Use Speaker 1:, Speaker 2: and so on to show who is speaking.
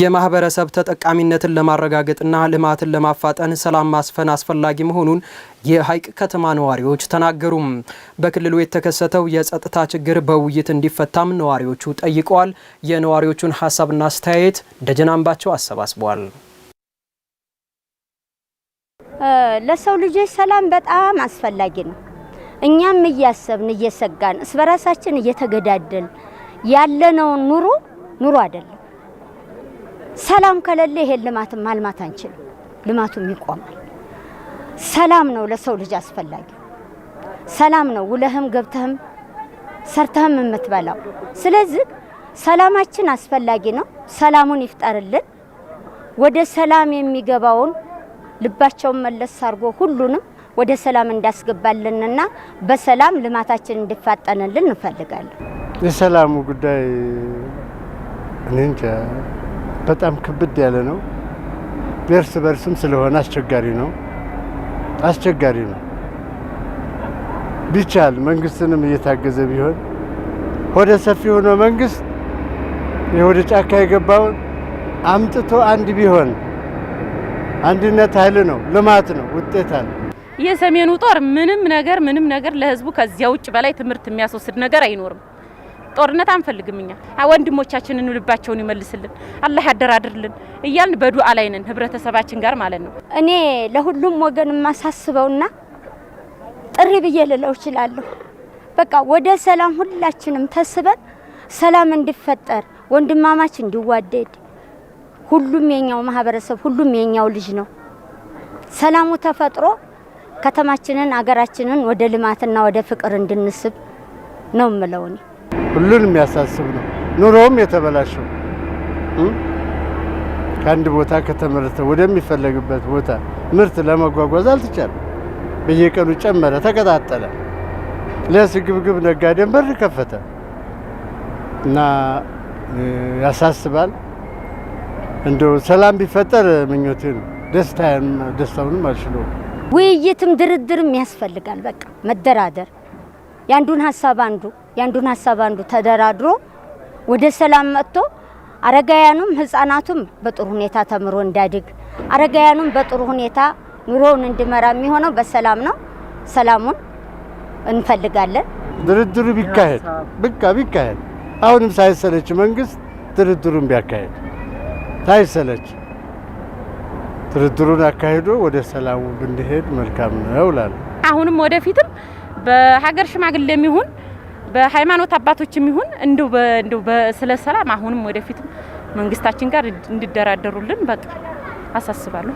Speaker 1: የማህበረሰብ ተጠቃሚነትን ለማረጋገጥና ልማትን ለማፋጠን ሰላም ማስፈን አስፈላጊ መሆኑን የሀይቅ ከተማ ነዋሪዎች ተናገሩም። በክልሉ የተከሰተው የጸጥታ ችግር በውይይት እንዲፈታም ነዋሪዎቹ ጠይቀዋል። የነዋሪዎቹን ሀሳብና አስተያየት ደጀን አምባቸው አሰባስቧል።
Speaker 2: ለሰው ልጆች ሰላም በጣም አስፈላጊ ነው። እኛም እያሰብን እየሰጋን እስበራሳችን እየተገዳደል ያለነውን ኑሮ ኑሮ አይደለም ሰላም ከሌለ ይሄን ልማት ማልማት አንችልም። ልማቱም ይቆማል። ሰላም ነው ለሰው ልጅ አስፈላጊ። ሰላም ነው ውለህም ገብተህም ሰርተህም የምትበላው። ስለዚህ ሰላማችን አስፈላጊ ነው። ሰላሙን ይፍጠርልን። ወደ ሰላም የሚገባውን ልባቸውን መለስ አድርጎ ሁሉንም ወደ ሰላም እንዳስገባልንና በሰላም ልማታችን እንዲፋጠንልን እንፈልጋለን።
Speaker 3: የሰላሙ ጉዳይ እኔ እንጃ በጣም ክብድ ያለ ነው። በርስ በርስም ስለሆነ አስቸጋሪ ነው አስቸጋሪ ነው። ቢቻል መንግስትንም እየታገዘ ቢሆን ወደ ሰፊ ሆኖ መንግስት ወደ ጫካ የገባውን አምጥቶ አንድ ቢሆን አንድነት ኃይል ነው፣ ልማት ነው፣ ውጤት አለ።
Speaker 4: የሰሜኑ ጦር ምንም ነገር ምንም ነገር ለህዝቡ ከዚያ ውጭ በላይ ትምህርት የሚያስወስድ ነገር አይኖርም። ጦርነት አንፈልግም። እኛ ወንድሞቻችንን ልባቸውን ይመልስልን፣ አላህ ያደራድርልን እያልን በዱአ ላይ ነን ህብረተሰባችን ጋር ማለት ነው።
Speaker 2: እኔ ለሁሉም ወገን የማሳስበውና ጥሪ ብዬ ልለው እችላለሁ። በቃ ወደ ሰላም ሁላችንም ተስበን ሰላም እንዲፈጠር ወንድማማች እንዲዋደድ ሁሉም የኛው ማህበረሰብ ሁሉም የኛው ልጅ ነው። ሰላሙ ተፈጥሮ ከተማችንን አገራችንን ወደ ልማትና ወደ ፍቅር እንድንስብ ነው ምለው እኔ።
Speaker 3: ሁሉን የሚያሳስብ ነው። ኑሮውም የተበላሸው ከአንድ ቦታ ከተመረተ ወደሚፈለግበት ቦታ ምርት ለመጓጓዝ አልተቻለም። በየቀኑ ጨመረ፣ ተቀጣጠለ። ለስግብግብ ነጋዴን በር ከፈተ እና ያሳስባል። እንደው ሰላም ቢፈጠር ምኞቴ ነው። ደስታን ደስታውንም አልችለውም።
Speaker 2: ውይይትም ድርድርም ያስፈልጋል። በቃ መደራደር የአንዱን ሀሳብ አንዱ የአንዱን ሀሳብ አንዱ ተደራድሮ ወደ ሰላም መጥቶ አረጋውያኑም ህጻናቱም በጥሩ ሁኔታ ተምሮ እንዳድግ አረጋውያኑም በጥሩ ሁኔታ ኑሮውን እንዲመራ የሚሆነው በሰላም ነው። ሰላሙን እንፈልጋለን።
Speaker 3: ድርድሩ ቢካሄድ ብቃ ቢካሄድ አሁንም ሳይሰለች መንግስት ድርድሩን ቢያካሄድ ሳይሰለች ድርድሩን አካሂዶ ወደ ሰላሙ ብንሄድ መልካም ነው እላለሁ።
Speaker 4: አሁንም ወደፊትም በሀገር ሽማግሌ የሚሆን በሃይማኖት አባቶችም ይሁን እንደው በእንደው ስለ ሰላም አሁንም ወደፊትም መንግስታችን ጋር እንዲደራደሩልን በቃ አሳስባለሁ።